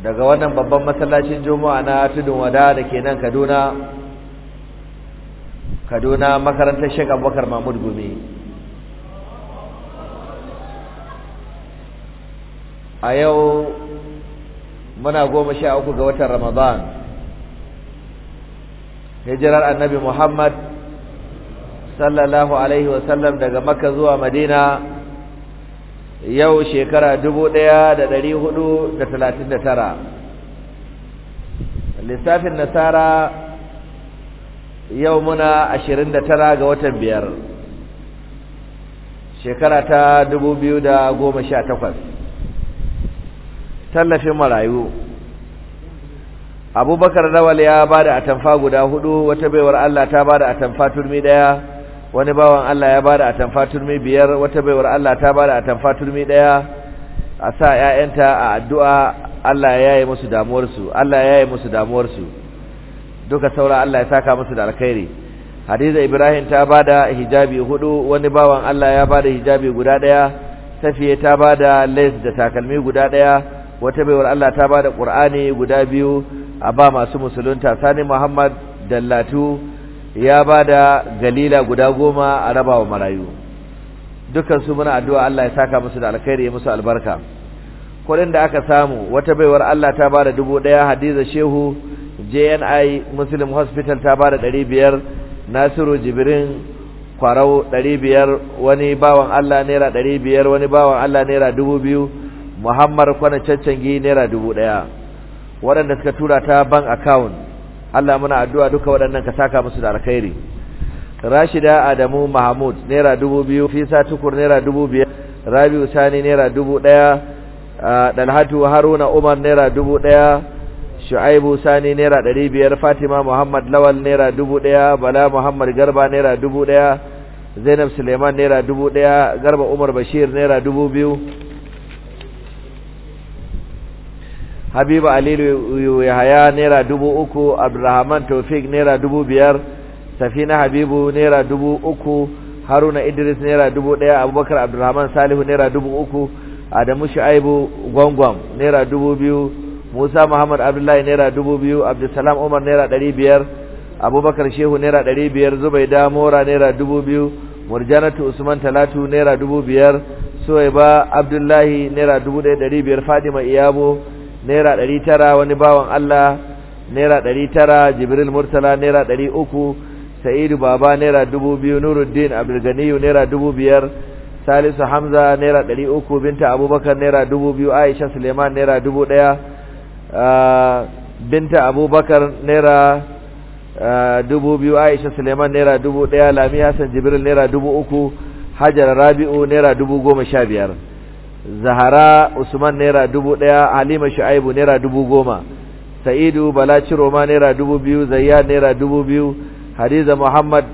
daga wannan babban masallacin juma'a na tudun wada da ke nan kaduna kaduna makarantar shek abubakar mahmud gumi a yau muna goma sha uku ga watan ramadan hijirar annabi muhammad sallallahu alaihi wasallam daga makka zuwa madina yau shekara dubu ɗaya da ɗari hudu da talatin da tara lissafin nasara yau muna ashirin da tara ga watan biyar shekara ta dubu biyu da goma sha takwas tallafin marayu abubakar rawal ya ba da atamfa guda hudu wata baiwar allah ta bada atamfa turmi ɗaya wani bawan Allah ya bada tamfa turmi biyar wata baiwar Allah ta bada tamfa turmi daya a sa ƴaƴanta a addu'a Allah ya yi musu damuwar Allah ya yi musu damuwarsu duka saura Allah ya saka musu da alkhairi Hadiza Ibrahim ta bada hijabi hudu wani bawan Allah ya bada hijabi guda daya Safiye ta bada lace da takalmi guda daya wata baiwar Allah ta bada Qur'ani guda biyu a ba masu musulunta Sani Muhammad Dallatu ya ba da galila guda goma a raba wa marayu dukansu muna addu'a Allah ya saka musu da alkhairi ya musu albarka kuɗin da aka samu wata baiwar Allah ta ba da dubu ɗaya hadiza shehu jni muslim hospital ta ba da ɗari biyar nasiru jibirin kwarau ɗari biyar wani bawan Allah naira ɗari biyar wani bawan Allah naira dubu biyu muhammar kwana cancangi naira dubu ɗaya waɗanda suka tura ta bank account Allah muna addu'a duka waɗannan ka saka musu da alkhairi Rashida Adamu Mahmud naira 2000 Fisa Tukur naira 2000 Rabi, Sani naira 1000 Dalhatu Haruna Umar naira 1000 Shu'aibu Sani naira biyar. Fatima Muhammad Lawal naira 1000 Bala Muhammad Garba naira 1000 Zainab Suleiman naira 1000 Garba Umar Bashir naira biyu. habibu alilu yahaya naira dubu uku abdulrahman taufik naira dubu biyar safina habibu naira dubu uku haruna idris naira dubu ɗaya abubakar abdulrahman salihu naira dubu uku adamu shu'aibu gwangwam naira dubu biyu musa muhammad abdullahi naira dubu biyu abdulsalam umar naira ɗari biyar abubakar shehu naira ɗari biyar zubaida mora naira dubu biyu murjanatu usman talatu naira dubu biyar suwaiba abdullahi naira dubu ɗaya ɗari biyar fadima iyabo naira ɗari tara wani bawan Allah naira ɗari tara jibril murtala naira ɗari uku sa'idu baba naira dubu biyu nuruddin abdulganiyu naira dubu biyar salisu hamza naira ɗari uku binta abubakar naira dubu biyu aisha suleiman naira dubu ɗaya ah, binta abubakar naira ah, dubu biyu aisha suleiman naira dubu ɗaya lami hassan jibril naira dubu uku hajar rabi'u naira dubu goma sha biyar zahara usman naira dubu ɗaya halima shu'aibu naira dubu goma sa'idu bala Roma naira dubu biyu zayyad naira dubu biyu hadiza muhammad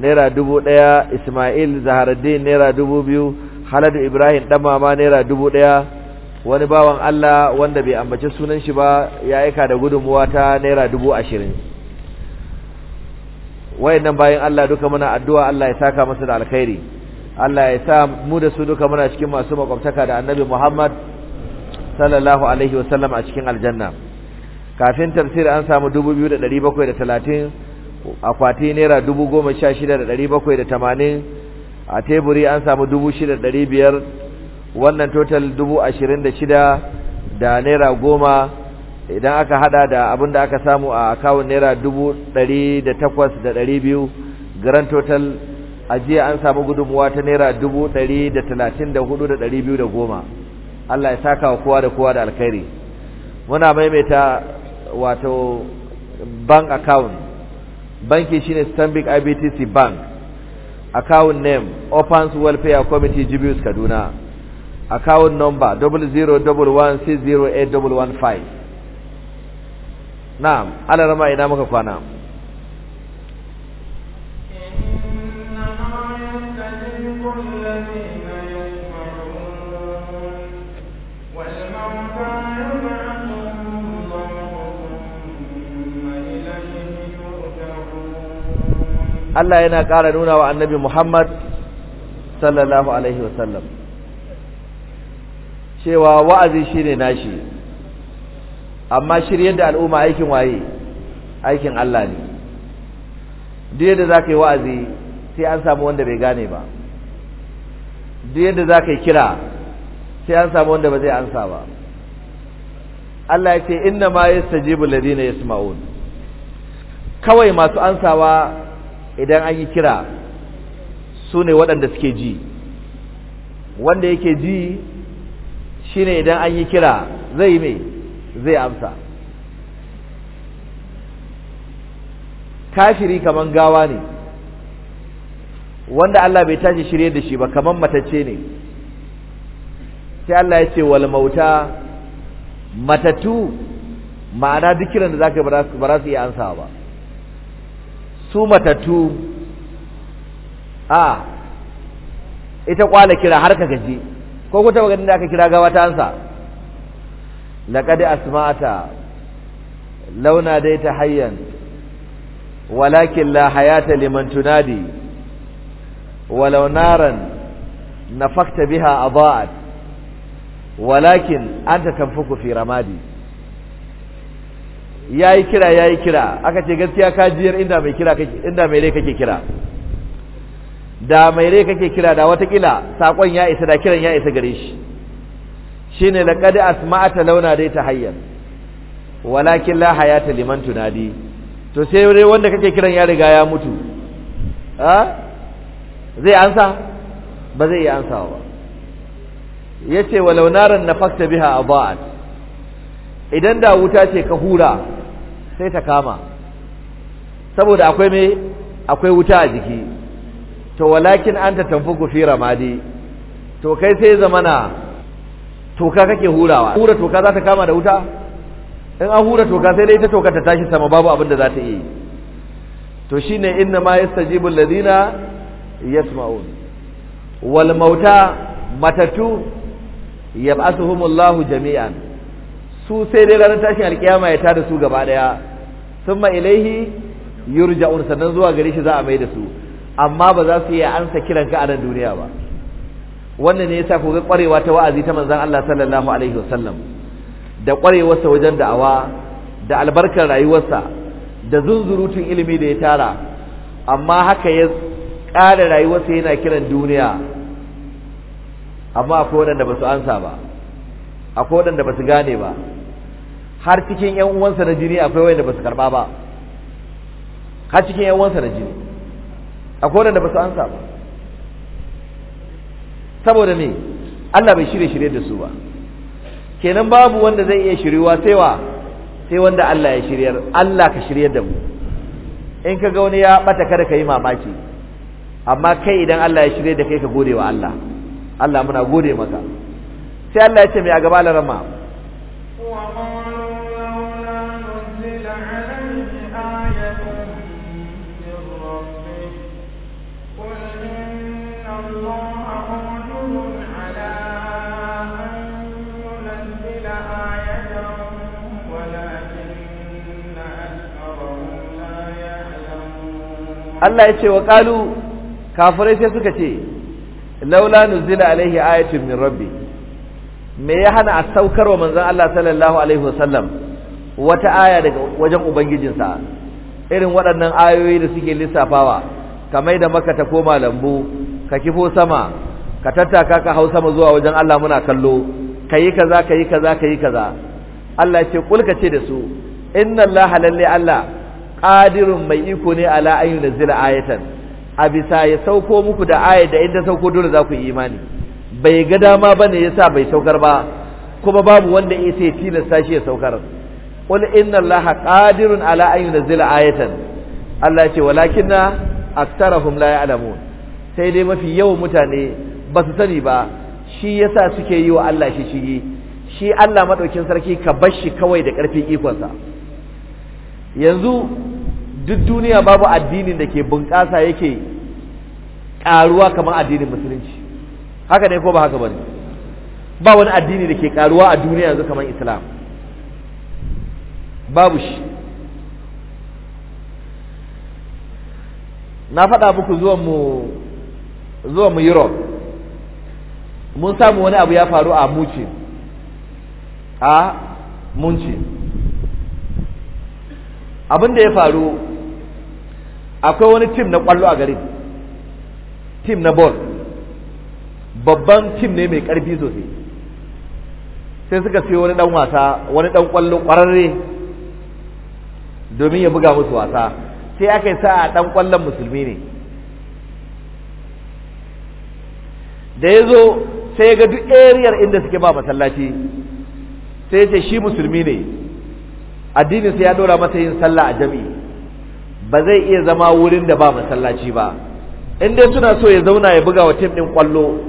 naira dubu ɗaya ismail zaharaddin naira dubu biyu haladu ibrahim ɗan mama naira dubu ɗaya wani bawan allah wanda bai ambaci sunan shi ba ya aika da gudunmuwa ta naira dubu ashirin wayannan bayan allah duka muna addu'a allah ya saka masa da alkhairi Allah ya sa mu da su duka muna cikin masu makwabtaka da annabi Muhammad sallallahu alaihi wa sallam a cikin aljanna kafin tafsir an samu 2730 akwati naira 16780 a teburi an samu 6500 wannan total 26000 da naira goma idan aka hada da abin da aka samu a akawun naira 1800 da 200 grand total a jiya an samu gudunmuwa ta naira dubu ɗari da talatin da hudu da ɗari biyu da goma Allah ya saka wa kowa da kowa da alkhairi muna maimaita wato bank account banki shine Stanbic IBTC bank account name Opens Welfare Committee Jibius Kaduna account number five na'am alarama ina muka kwana Allah yana ƙara nuna wa annabi Muhammad sallallahu alaihi wasallam cewa wa'azi shi ne nashi amma shiryar da al'umma aikin waye aikin Allah ne duk yadda za ka yi wa'azi sai an samu wanda bai gane ba duk yadda za ka yi kira sai an samu wanda ba zai ansa ba Allah ya ce inna ma yastajibu alladhina yasma'un kawai masu ansawa idan an yi kira su ne waɗanda suke ji wanda yake ji shine idan an yi kira zai mai zai amsa kafiri kaman gawa ne wanda Allah bai tashi shirye da shi ba kaman matacce ne sai Allah ya ce wal mauta matatu ma'ana da za da zaka ba za su iya ansawa ba su matattu a ita kwala kira har ka gaji ko ku taba da aka kira gawa ta Da laqad asma'ata launa dai ta hayyan walakin la liman tunadi walau na fakta biha adaat walakin anta tanfuku fi ramadi Ya yi kira ya yi kira aka ce gaskiya ka jiyar inda mai kira kake inda mai rai kake kira da mai rai kake kira da watakila sakon ya isa da kiran ya isa gare shi shine laqad asma'ata launa dai ta hayyan walakin la hayata liman tunadi to sai dai wanda kake kiran ya riga ya mutu a zai ansa ba zai yi ansawa ba yace walau naran nafakta biha adaat idan da wuta ce ka hura sai ta kama saboda akwai me akwai wuta a jiki to walakin anta tanfuku gufi ramadi to kai sai zamana toka kake hurawa hura toka za ta kama da wuta in an hura toka sai dai ta toka ta tashi sama babu abin da za ta yi to shine inna ma yastajibu alladhina yasma'un wal mauta matatu yab'athuhumullahu jami'an su sai dai ranar tashin alkiyama ya tada su gaba daya summa ilaihi yurja'un sannan zuwa gare shi za a mai da su amma ba za su iya ansa kiran ka a nan duniya ba wannan ne yasa ku ga kwarewa ta wa'azi ta manzon Allah sallallahu alaihi wasallam da kwarewarsa wajen da'awa da albarkar rayuwarsa da zunzurutun ilimi da ya tara amma haka ya rayuwar rayuwarsa yana kiran duniya amma akwai waɗanda ba su ansa ba akwai wadanda ba su gane ba har cikin yan uwansa na jini akwai wanda ba su karba ba har cikin yan uwansa na jini akwai wanda ba su ansa ba saboda me Allah bai shirye shirye da su ba kenan babu wanda zai iya shiryuwa sai wa sai wanda Allah ya shiryar Allah ka shiryar da mu in ka ga wani ya bata kada ka yi mamaki amma kai idan Allah ya shirye da kai ka gode wa Allah Allah muna gode maka sai Allah ya ce mai a gaba larama Allah ya ce wa qalu kafirai sai suka ce laula nuzila alaihi ayatun min rabbi me ya hana a saukar wa manzon Allah sallallahu alaihi wasallam wata aya daga wajen ubangijinsa irin waɗannan ayoyi da suke lissafawa kamar da maka ta koma lambu ka kifo sama ka tattaka ka hau sama zuwa wajen Allah muna kallo kayi kaza kayi kaza kayi kaza Allah ya ce kulka ce da su inna Allah lalle Allah qadirun mai iko ne ala an yunzila ayatan a bisa ya sauko muku da ayat da inda sauko dole za ku yi imani bai ga dama bane yasa bai saukar ba kuma babu wanda ya sai tilasta shi ya saukar qul inna allaha qadirun ala an yunzila ayatan Allah ce walakinna aktharahum la ya'lamun sai dai mafi yawan mutane ba su sani ba shi yasa suke yi wa Allah shi shige shi Allah madaukin sarki ka bar shi kawai da karfin ikonsa yanzu duk duniya babu addinin da ke bunƙasa yake ƙaruwa kamar addinin musulunci haka ne ko ba haka bane ba wani addini da ke ƙaruwa a duniya yanzu kamar islam babu shi na faɗa muku zuwan mu zuwan mu Europe mun samu wani abu ya faru a muci a munci abin da ya faru akwai wani tim na kwallo a garin tim na ball babban tim ne mai karfi sosai sai suka siyo wani dan wasa wani dan kwallo kwararre domin ya buga musu wasa sai aka yi sa'a dan kwallon musulmi ne da ya zo sai ya ga duk ariyar inda suke ba masallaci sai ya ce shi musulmi ne addinin sai ya dora masa yin sallah a jami'i ba zai iya zama wurin da ba masallaci ba in dai suna so ya zauna ya buga wa tim din kwallo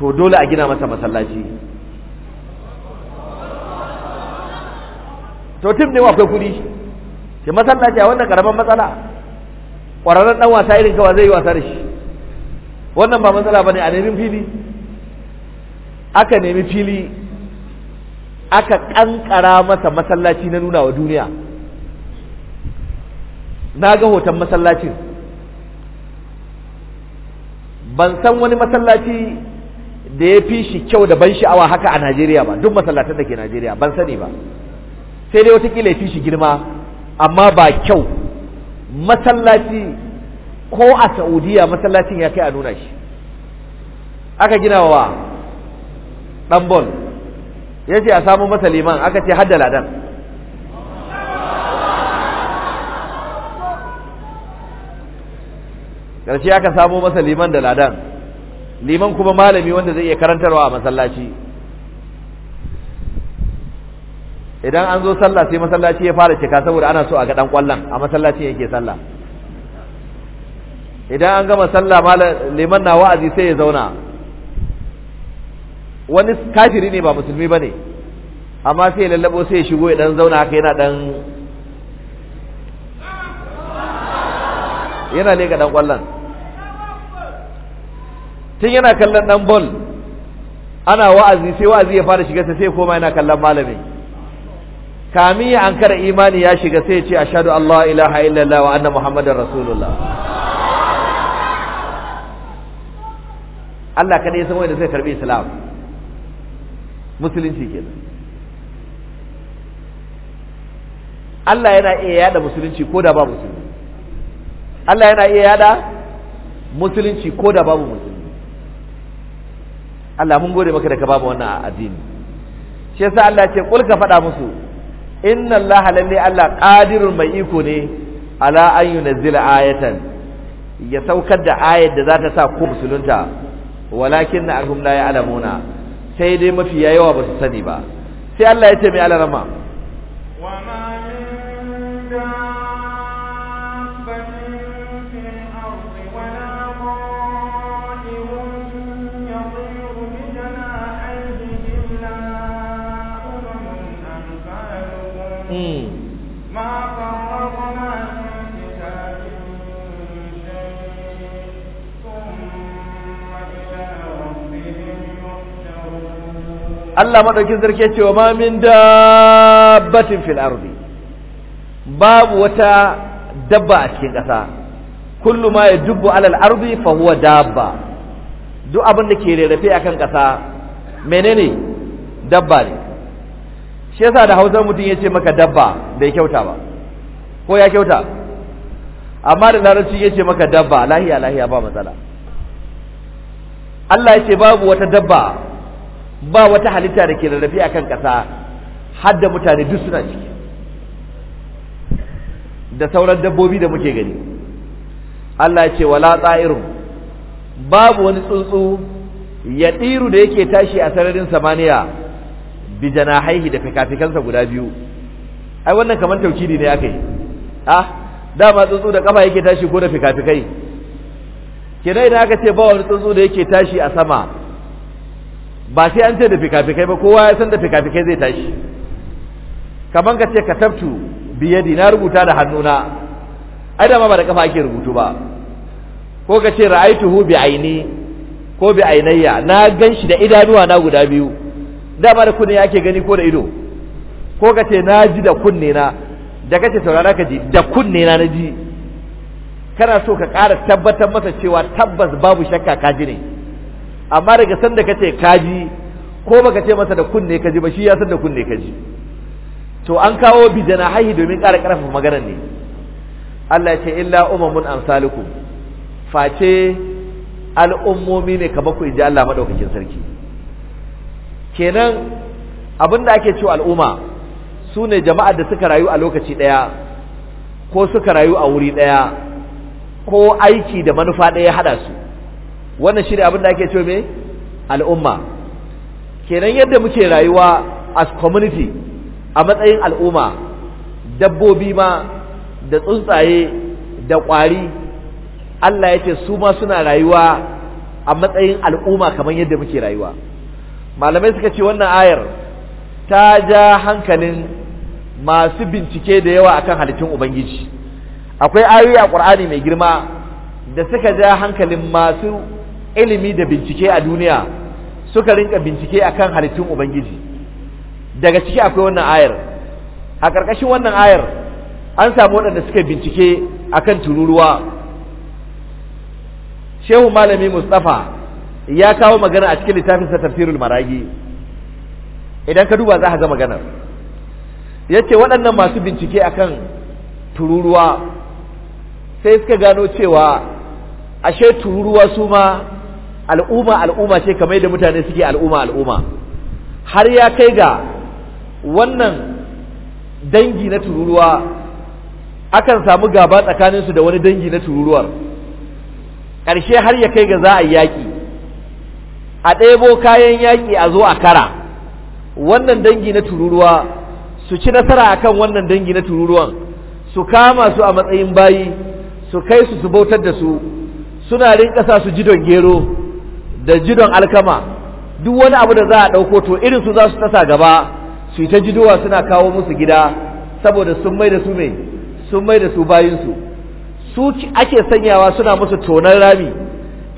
to dole a gina masa masallaci to tim din akwai kudi shi masallaci a wannan karaman matsala ƙwararren ɗan wasa irin kawai zai yi wasa da shi wannan ba matsala ba ne a nemi fili aka nemi fili aka ƙanƙara masa masallaci na nuna wa duniya na ga hoton masallacin ban san wani masallaci da ya fi shi kyau da ban sha'awa haka a Najeriya ba duk masallatan da ke Najeriya ban sani ba sai dai watakila ya fi shi girma amma ba kyau masallaci ko a Saudiya masallacin ya kai a nuna shi aka gina wa ɗanbol ya ce a samu masa liman aka ce hadda ladan karshe aka samo masa liman da ladan liman kuma malami wanda zai iya karantarwa a masallaci idan an zo sallah sai masallaci ya fara cika saboda ana so a ga dan kwallon a masallacin yake sallah idan an gama sallah liman na wa'azi sai ya zauna wani kafiri ne ba musulmi bane amma sai ya lallabo sai ya shigo ya dan zauna haka yana dan yana ne ga dan kwallon tun yana kallon dan bol ana wa'azi sai wa'azi ya fara shiga sai koma yana kallon malami kami an ankara imani ya shiga sai ya ce ashhadu Allah, la ilaha illallah wa anna muhammadar rasulullah Allah kada ya san wanda zai karbi islam musulunci kenan Allah yana iya yada musulunci ko da babu musulunci Allah yana iya yada musulunci ko da babu musulunci Allah mun gode maka da ka babu wannan addini shi yasa Allah ce kul ka faɗa musu inna Allah lalle Allah qadirun mai iko ne ala an yunzila ayatan ya saukar da ayar da za ta sa ku musulunta walakin na ahum la ya'lamuna sai dai mafi yawa ba su sani ba sai Allah ya ce mai alarama wa Hmm. Allah madaukin zarke cewa ma min dabbatin fil ardi babu wata dabba a cikin ƙasa kullu ma ya dubbu alal ardi fa huwa dabba duk abin da ke rarrafe akan ƙasa menene dabba ne shi yasa da hausa mutum ya ce maka dabba bai kyauta ba ko ya kyauta amma da larabci ya ce maka dabba lahiya lahiya ba matsala Allah ya ce babu wata dabba ba wata halitta da ke rarrafe a kan ƙasa har da mutane duk suna ciki da sauran dabbobi da muke gani Allah ya ce wala tsa'irun babu wani tsuntsu ya ɗiru da yake tashi a sararin samaniya bi janahaihi da fikafikansa guda biyu ai wannan kamar taukidi ne akai ah dama tsuntsu da kafa yake tashi ko da fikafikai kenan idan aka ce ba wani tsuntsu da yake tashi a sama ba sai an ce da fikafikai ba kowa ya san da fikafikai zai tashi kamar ka ce katabtu biyadi na rubuta da hannuna ai dama ba da kafa ake rubutu ba ko ka ce ra'aituhu bi aini ko bi ainayya na gan shi da idanuwa na guda biyu dama da kunne ake gani ko da ido ko ka ce na ji da kunne na da kace saurara ka ji da kunne na na ji kana so ka ƙara tabbatar masa cewa tabbas babu shakka ka ji ne amma daga san da kace ka ji ko baka ce masa da kunne ka ji ba shi ya san da kunne ka ji to an kawo bijana haihi domin ƙara ƙarfafa maganar ne Allah ce illa umamun amsalukum face al'ummomi ne ka ku ji Allah madaukakin sarki kenan abin da ake cewa al'umma su ne jama'ar da suka rayu a lokaci ɗaya ko suka rayu a wuri ɗaya ko aiki da manufa ɗaya haɗa su wannan shi ne abin da ake cewa me al'umma kenan yadda muke rayuwa as community a matsayin al'umma dabbobi ma da tsuntsaye da ƙwari Allah ya ce su ma suna rayuwa a matsayin al'umma kamar yadda muke rayuwa malamai suka ce wannan ayar ta ja hankalin masu bincike da yawa akan halittun ubangiji akwai ayoyi a ƙur'ani mai girma da suka ja hankalin masu ilimi da bincike a duniya suka rinka bincike akan halittun ubangiji daga ciki akwai wannan ayar a ƙarƙashin wannan ayar an samu waɗanda suka bincike akan tururuwa shehu malami mustafa ya kawo magana a cikin littafinsa tafsirul maragi idan ka duba za ka ga maganar yace waɗannan masu bincike akan tururuwa sai suka gano cewa ashe tururuwa su ma al'umma al'umma ce kamar da mutane suke al'umma al'umma har ya kai ga wannan dangi na tururuwa akan samu gaba tsakaninsu da wani dangi na tururuwar ƙarshe har ya kai ga za a yi yaƙi a ɗebo kayan yaƙi a zo a kara wannan dangi na tururuwa su ci nasara a kan wannan dangi na tururuwan su kama su a matsayin bayi su kai su su bautar da su suna rinka sa su jidon gero da jidon alkama duk wani abu da za a ɗauko to irin su za su tasa gaba su yi ta jidowa suna kawo musu gida saboda sun mai da su mai sun mai da su bayinsu su ake sanyawa suna musu tonar rami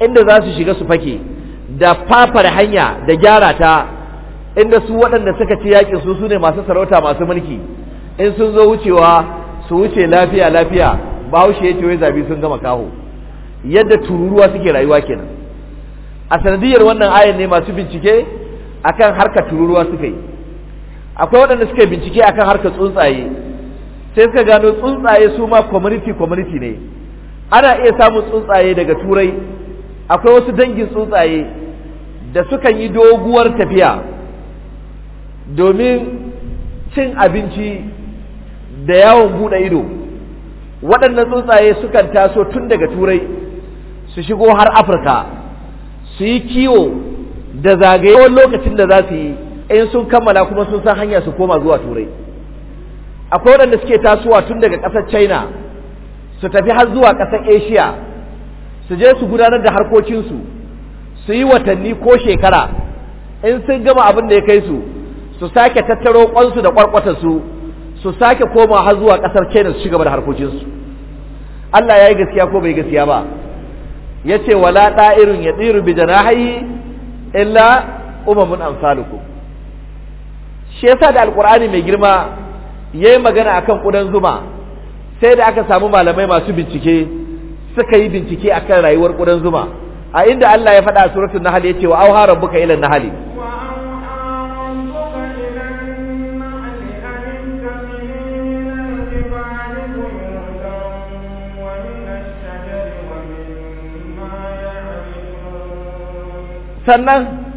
inda za su shiga su fake da fafar hanya da gyara ta inda su waɗanda suka ci yakin su su ne masu sarauta masu mulki in sun zo wucewa su wuce lafiya lafiya bahaushe ya ce wai zabi sun gama kaho yadda tururuwa suke rayuwa kenan a sanadiyar wannan ayan ne masu bincike akan harka tururuwa suka yi akwai waɗanda suka bincike akan harka tsuntsaye sai suka gano tsuntsaye su ma community community ne ana iya samun tsuntsaye daga turai akwai wasu dangin tsuntsaye da sukan yi doguwar tafiya domin cin abinci da yawon buɗe ido waɗannan tsuntsaye sukan taso tun daga turai su shigo har afirka su yi kiwo da zagayewar lokacin da za su yi in sun kammala kuma sun san hanya su koma zuwa turai akwai waɗanda suke tasowa tun daga ƙasar china su tafi har zuwa ƙasar asia su je su gudanar da harkokinsu su yi watanni ko shekara in sun gama abin da ya kai su su sake tattaro kwansu da kwarkwata su su sake koma har zuwa kasar China su shiga da harkokinsu Allah ya yi gaskiya ko bai gaskiya ba yace ce wala ɗa'irun ya tsiru bi janahayi illa umamun amsalukum shi yasa da alkur'ani mai girma ya yi magana akan kudan zuma sai da aka samu malamai masu bincike suka yi bincike akan rayuwar kudan zuma a inda Allah ya faɗa suratul nahl yace wa auha rabbuka ila nahl sannan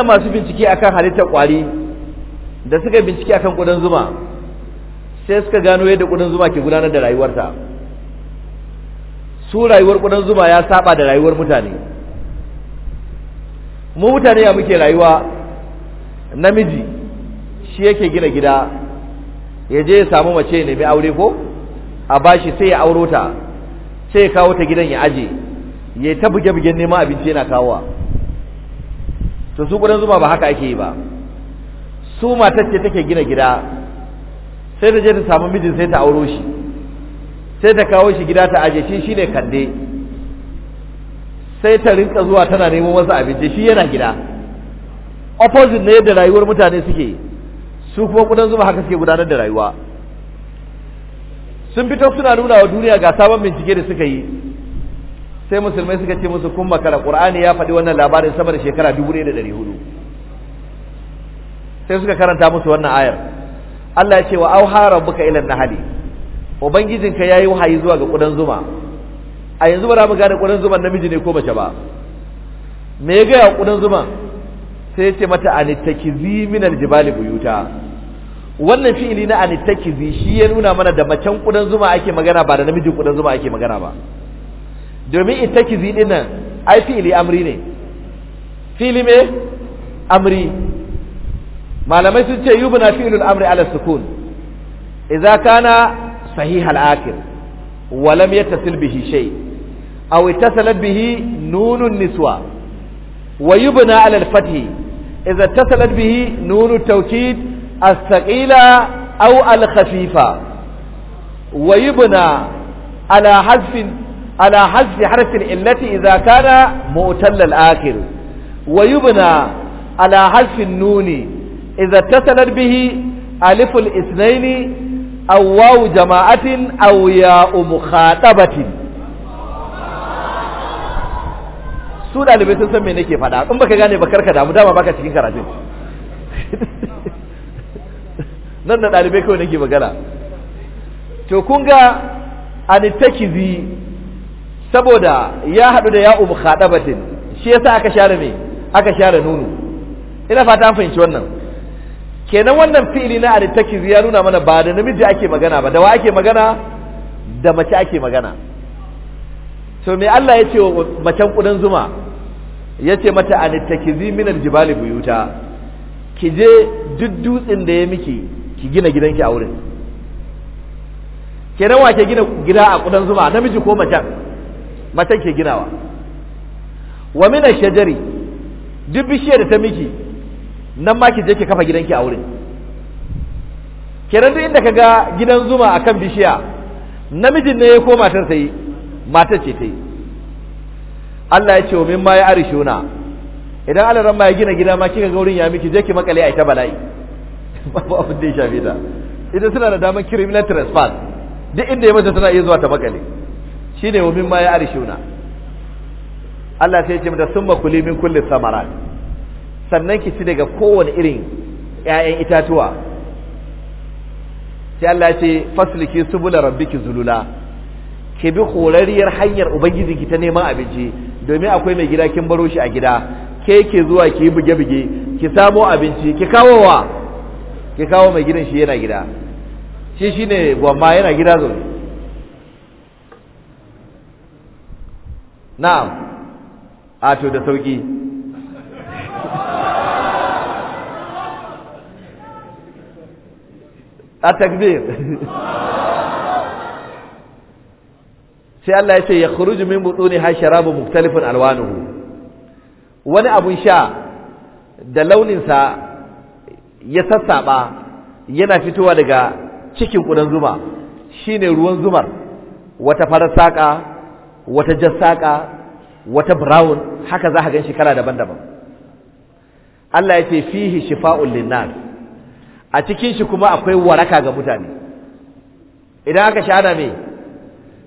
waɗannan masu bincike akan halittar kwari da suka bincike akan ƙudan zuma sai suka gano yadda ƙudan zuma ke gudanar da rayuwarta su rayuwar ƙudan zuma ya saba da rayuwar mutane mu mutane ya muke rayuwa namiji shi yake gina gida ya je ya samu mace ne mai aure ko a bashi sai ya aurota ta sai ya kawo ta gidan ya aje ya ta buge-bugen neman abinci yana kawowa to su gudan zuma ba haka ake yi ba su matar ce take gina gida sai ta je ta samu mijin sai ta auro shi sai ta kawo shi gida ta aje shi shine kande sai ta rinka zuwa tana neman wasu abinci shi yana gida opposite ne yadda rayuwar mutane suke su kuma kudan zuma haka suke gudanar da rayuwa sun fito suna nuna wa duniya ga sabon bincike da suka yi sai musulmai suka ce musu kun makara qur'ani ya faɗi wannan labarin sama da shekara 1400 sai suka karanta musu wannan ayar Allah ya ce wa auha rabbuka ila nahli ubangijinka yi wahayi zuwa ga kudan zuma a yanzu ba mu gane kudan zuman namiji ne ko mace ba me ya gaya kudan zuman sai ya ce mata anittakizi min aljibali buyuta wannan fi'ili na anittakizi shi ya nuna mana da macen ƙudan zuma ake magana ba da namijin kudan zuma ake magana ba domin itakizi din nan ai fili amri ne fili me amri malamai sun ce yubna fi'ilul amri ala sukun idza kana sahih al akhir wa lam yattasil bihi shay aw ittasalat bihi nunun niswa wa yubna ala al fath idza ittasalat bihi nunu tawkid as-saqila aw al khafifa ويبنى على حذف على حذف izakana العلة إذا كان مؤتل الآخر ويبنى على حذف النون إذا اتصلت به ألف الاثنين أو واو جماعة أو ياء مخاطبة su ɗalibai sun san me nake faɗa in baka gane ba karka damu dama baka cikin karatun nan da ɗalibai kawai nake magana to kun ga anitakizi saboda ya haɗu da ya'u khadabatin shi yasa aka share me aka share nunu ina fata an fahimci wannan kenan wannan fi'ili na al ya nuna mana ba da namiji ake magana ba da wa ake magana da mace ake magana to me Allah ya ce wa macen kudan zuma ya ce mata anittakizi min Jibali buyuta ki je duk dutsen da ya miki ki gina gidanki a wurin kenan wa ke gina gida a kudan zuma namiji ko macen matan ke ginawa wa min shajari duk bishiyar da ta miki nan ma ki je ki kafa gidanki a wurin kenan duk inda kaga gidan zuma akan bishiya namijin ne ko matar ta yi matar ce ta yi Allah ya ce wa min ma ya arishuna idan Allah ran ma ya gina gida ma kika ga wurin ya miki je ki makale ai ta bala'i babu abin da ya shafe ta idan suna da damar criminal trespass duk inda ya mata tana iya zuwa ta makale shi ne wa mimma ya arshuna Allah sai ya ce mata sun makuli min kulle samara sannan ki ci daga kowane irin 'ya'yan itatuwa sai Allah ce fasliki subula ki zulula ki bi horariyar hanyar ubangiji ki ta neman abinci domin akwai mai gida kin baro shi a gida ke ke zuwa ki yi buge-buge ki samo abinci ki kawo wa ki kawo mai gidan shi yana gida shi shine gwamma yana gida zaune na'am a to da sauki a takbir sai Allah ya ce ya khuruju min butuni ha sharabu muktalifun alwanuhu wani abun sha da launinsa ya sassaɓa yana fitowa daga cikin ƙudan zuma shine ruwan zumar wata farar saƙa wata jassaka wata brown haka za ka shi kala daban-daban Allah ya ce fihi shifa'un linnas a cikin shi kuma akwai waraka ga mutane idan aka shahada me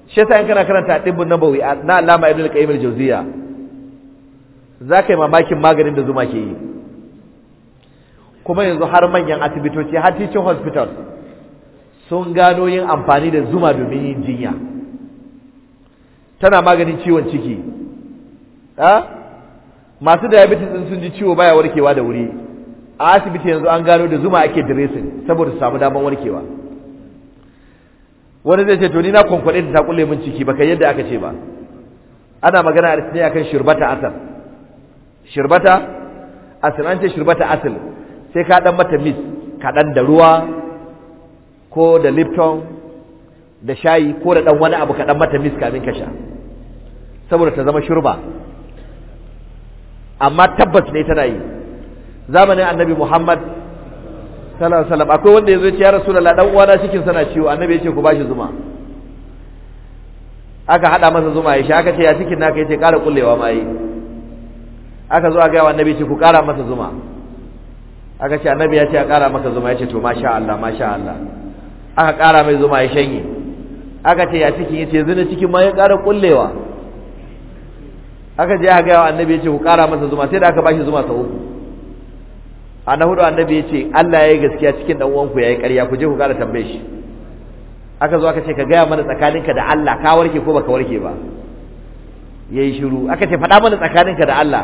shi yasa in kana karanta dibbun nabawi na Allama Ibn al-Qayyim al jawziya zaka yi mamakin maganin da zuma ke yi kuma yanzu har manyan asibitoci har teaching hospital sun gano yin amfani da zuma domin yin jinya tana maganin ciwon ciki ha masu diabetes din sun ji ciwo baya warkewa da wuri a asibiti yanzu an gano da zuma ake dressing saboda su samu daman warkewa wani zai ce to ni na konkwade da ta kulle min ciki baka yadda aka ce ba ana magana ne akan shirbata asal shirbata asal an ce shirbata asal sai ka dan mata ka kaɗan da ruwa ko da lipton da shayi ko da ɗan wani abu ka kaɗan mata mist kamin ka sha saboda ta zama shurba amma tabbas ne tana yi zamanin annabi muhammad sallallahu akwai wanda zo ya ce ya rasulullah dan uwana cikin sana ciwo annabi ya ce ku bashi zuma aka hada masa zuma ya sha aka ce ya cikin naka ya ce ƙara kullewa ma yi aka zo a gaya wa annabi ce ku ƙara masa zuma aka ce annabi ya ce a ƙara maka zuma ya ce to masha Allah masha Allah aka ƙara mai zuma ya shanye aka ce ya cikin ya ce zina cikin ma ya ƙara kullewa aka je aka gaya wa annabi ya ce ku kara masa zuma sai da aka bashi zuma sau uku a na hudu annabi ce Allah ya yi gaskiya cikin dan uwanku ya yi ƙarya ku je ku kara tambaye shi aka zo aka ce ka gaya mana tsakaninka da Allah ka warke ko baka warke ba yayi shiru aka ce faɗa mana tsakaninka da Allah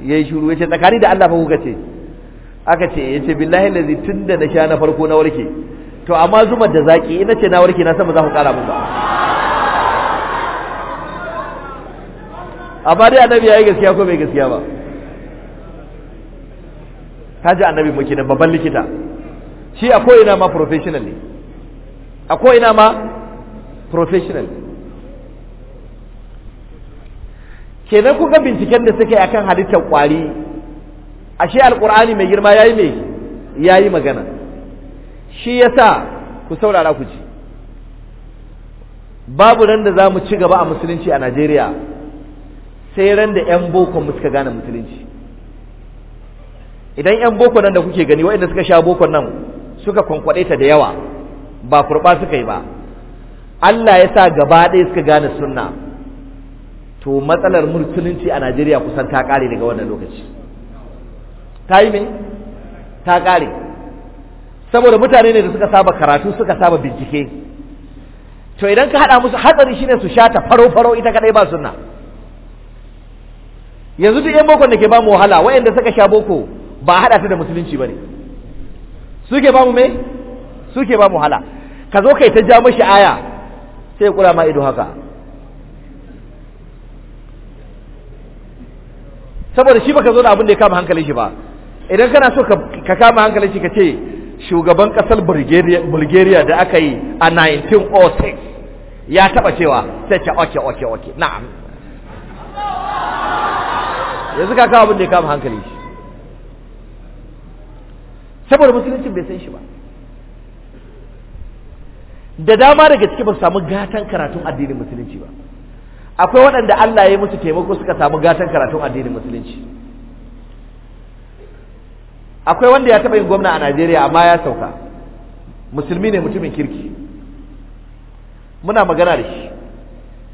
yayi shiru yace tsakani da Allah fa kuka ce aka ce yace billahi allazi tunda na sha na farko na warke to amma zuma da zaki ina ce na warke na san ba za ku kara mu ba amma dai annabi yayi gaskiya ko bai gaskiya ba kaji annabi muke da babban likita shi a ko'ina ma professional ne a ko'ina ma professional kenan kuka binciken da suka yi akan halittar kwari ashe alkur'ani mai girma yayi me yayi magana shi yasa ku saurara ku ji babu nan da za mu ci gaba a musulunci a najeriya sai ran da yan boko mu suka gane musulunci idan yan boko nan da kuke gani waɗanda suka sha boko nan suka kwankwaɗe ta da yawa ba kurɓa suka yi ba Allah ya sa gaba ɗaya suka gane sunna to matsalar musulunci a Najeriya kusan ta ƙare daga wannan lokaci ta yi me ta ƙare saboda mutane ne da suka saba karatu suka saba bincike to idan ka haɗa musu hatsari shine su sha ta faro faro ita kaɗai ba sunna yanzu duk 'yan boko da ke bamu wahala waɗanda suka sha boko ba a haɗa ta da musulunci ba ne suke bamu me suke bamu wahala ka zo kai ta ja mashi aya sai ya kura ma ido haka saboda shi baka zo da abin da ya kama hankalin shi ba idan kana so ka kama hankalin shi ka ce shugaban kasar bulgaria da aka yi a 1906 ya taba cewa sai ce oke oke oke na'am yanzu ka kawo abin da ya kama hankali shi saboda musulunci bai san shi ba da dama daga ciki ba su samu gatan karatun addinin musulunci ba akwai waɗanda Allah ya yi musu taimako suka samu gatan karatun addinin musulunci akwai wanda ya taɓa yin gwamna a Najeriya amma ya sauka musulmi ne mutumin kirki muna magana da shi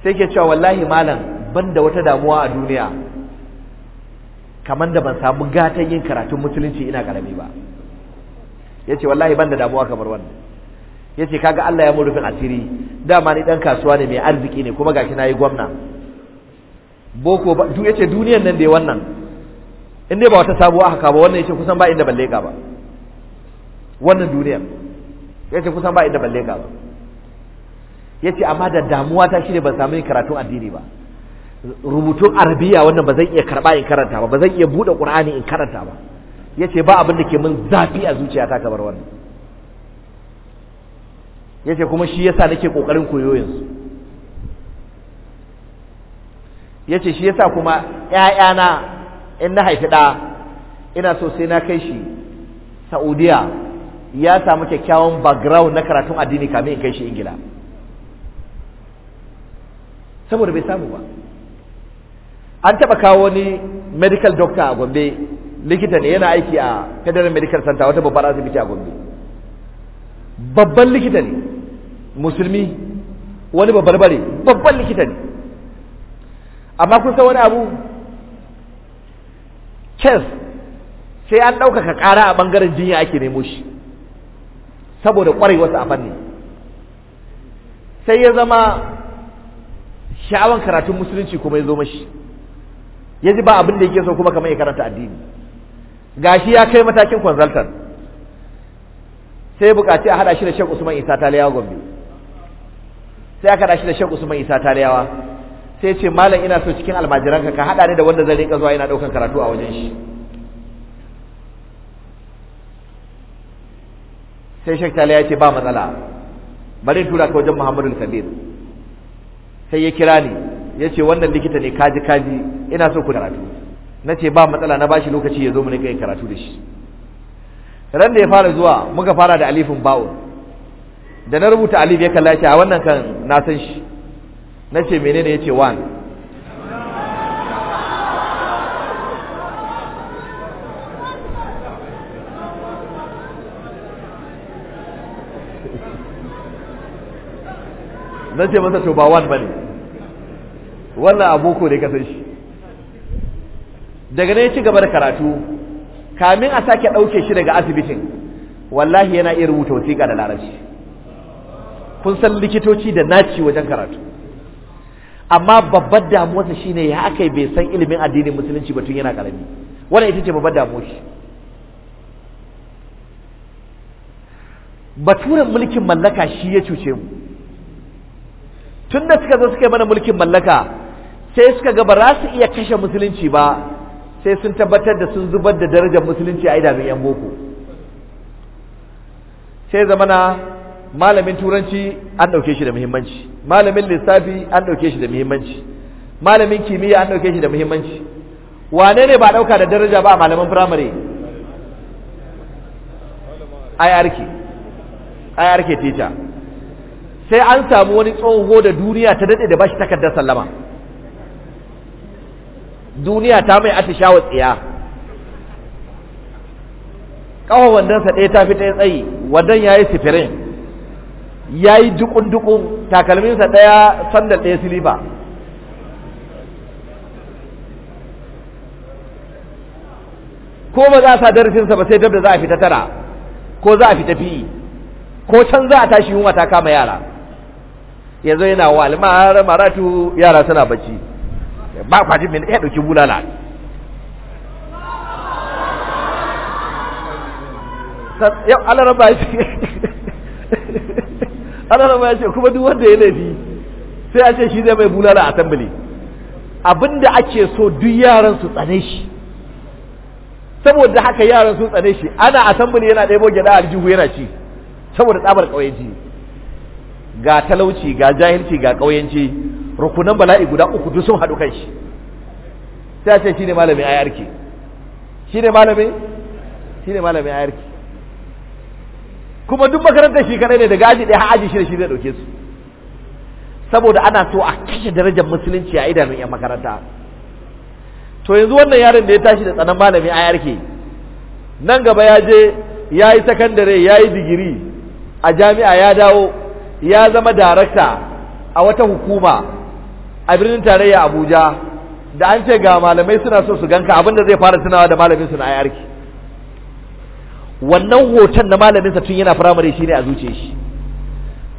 sai ke cewa wallahi malam ban da wata damuwa a duniya kamar da ban samu gatan yin karatun musulunci ina karami ba yace wallahi ban da damuwa kamar wannan yace kaga Allah ya murufin asiri dama ni dan kasuwa ne mai arziki ne kuma gashi nayi gwamna boko ba duk yace duniyar nan dai wannan in dai ba wata sabuwa haka ba wannan yace kusan ba inda balle ka ba wannan duniyar yace kusan ba inda balle ka ba yace amma da damuwa ta shine ban samu yin karatun addini ba rubutun arabiya wannan ba zan iya karba in karanta ba ba zan iya bude qur'ani in karanta ba yace ba abin da ke min zafi a zuciyata kamar wannan yace kuma shi yasa nake kokarin koyo yanzu yace shi yasa kuma ƴaƴana in na haifi da ina so sai na kai shi Saudiya ya samu kyakkyawan background na karatun addini kamin in kai shi Ingila saboda bai samu ba an taɓa kawo wani medical doctor a gombe likita ne yana aiki a federal medical center wata babbar asibiti a gombe babban likita ne musulmi wani babbar bare babban likita ne amma kusa wani abu kes sai an ɗaukaka ƙara a ɓangaren jinya ake nemo shi saboda wasu a fanni sai ya zama sha'awan karatun musulunci kuma ya zo mashi ya ji ba abin da yake so kuma kamar ya karanta addini gashi ya kai matakin consultant sai bukaci a hada shi da Sheikh Usman Isa Taliyawa Gombe sai aka hada shi da Sheikh Usman Isa Taliyawa sai ce malam ina so cikin almajiran ka ka hada ni da wanda zan rika zuwa ina daukan karatu a wajen shi sai Sheikh Taliyawa ya ce ba matsala bari tura ka wajen Muhammadul Kabir sai ya kira ni ya ce wannan likita ne kaji kaji ina so ku karatu na ce ba matsala na bashi lokaci ya zo mu ne kai karatu da shi ran da ya fara zuwa muka fara da alifin ba'un da na rubuta alif ya kalla shi a wannan kan na san shi na ce menene ya ce one na ce masa to ba one ba ne wannan aboko da ya kasance. shi daga ne ya ci gaba da karatu kamin a sake ɗauke shi daga asibitin wallahi yana iya rubuta wasiƙa da larabci kun san likitoci da naci wajen karatu amma babbar damuwarsa shine ya aka bai san ilimin addinin musulunci ba tun yana karami wannan ita ce babbar damuwar shi baturen mulkin mallaka shi ya cuce mu Tunda suka zo suka yi mana mulkin mallaka sai suka ga ba za su iya kashe musulunci ba sai sun tabbatar da sun zubar da darajar musulunci a idanun yan boko sai zamana malamin turanci an ɗauke shi da muhimmanci malamin lissafi an ɗauke shi da muhimmanci malamin kimiyya an ɗauke shi da muhimmanci wane ne ba ɗauka da daraja ba a malaman firamare IRK IRK teacher sai an samu wani tsoho da duniya ta daɗe da bashi takardar sallama duniya ta mai atishawa tsiya ƙawa wandonsa ɗaya ta fi ɗaya tsayi wandon ya yi sifirin ya yi dukun-dukun takalminsa ɗaya sandal ɗaya silifa ko ba za a sa darasinsa ba sai dab da za a fita tara ko za a fita fi ko can za a tashi yunwa ta kama yara yanzu yana walmar maratu yara suna bacci ba kwajin mai ya ɗauki bulala yau alaraba ya ce alaraba ya ce kuma duk wanda ya laifi sai a ce shi zai mai bulala a tambali abinda ake so duk yaran su tsane shi saboda haka yaran sun tsane shi ana a tambali yana ɗaya boge da aljihu yana ci saboda tsabar ƙauyenci ga talauci ga jahilci ga ƙauyenci rukunan bala'i guda uku duk sun haɗu kan shi sai a ce shi malamin malami shi malamin malami malamin yarki kuma duk makarantar shi kanai ne daga aji ɗaya har aji ne shi zai ɗauke su saboda ana so a kashe darajar musulunci a idanun 'yan makaranta to yanzu wannan yaron da ya tashi da tsanan malamin yarki nan gaba ya je ya yi sakandare ya yi digiri a jami'a ya dawo ya zama darakta a wata hukuma a birnin tarayya Abuja da an ce ga malamai suna so su ganka abinda zai fara tunawa da malamin su na ayarki wannan hoton na malamin sa tun yana firamare shine a zuciye shi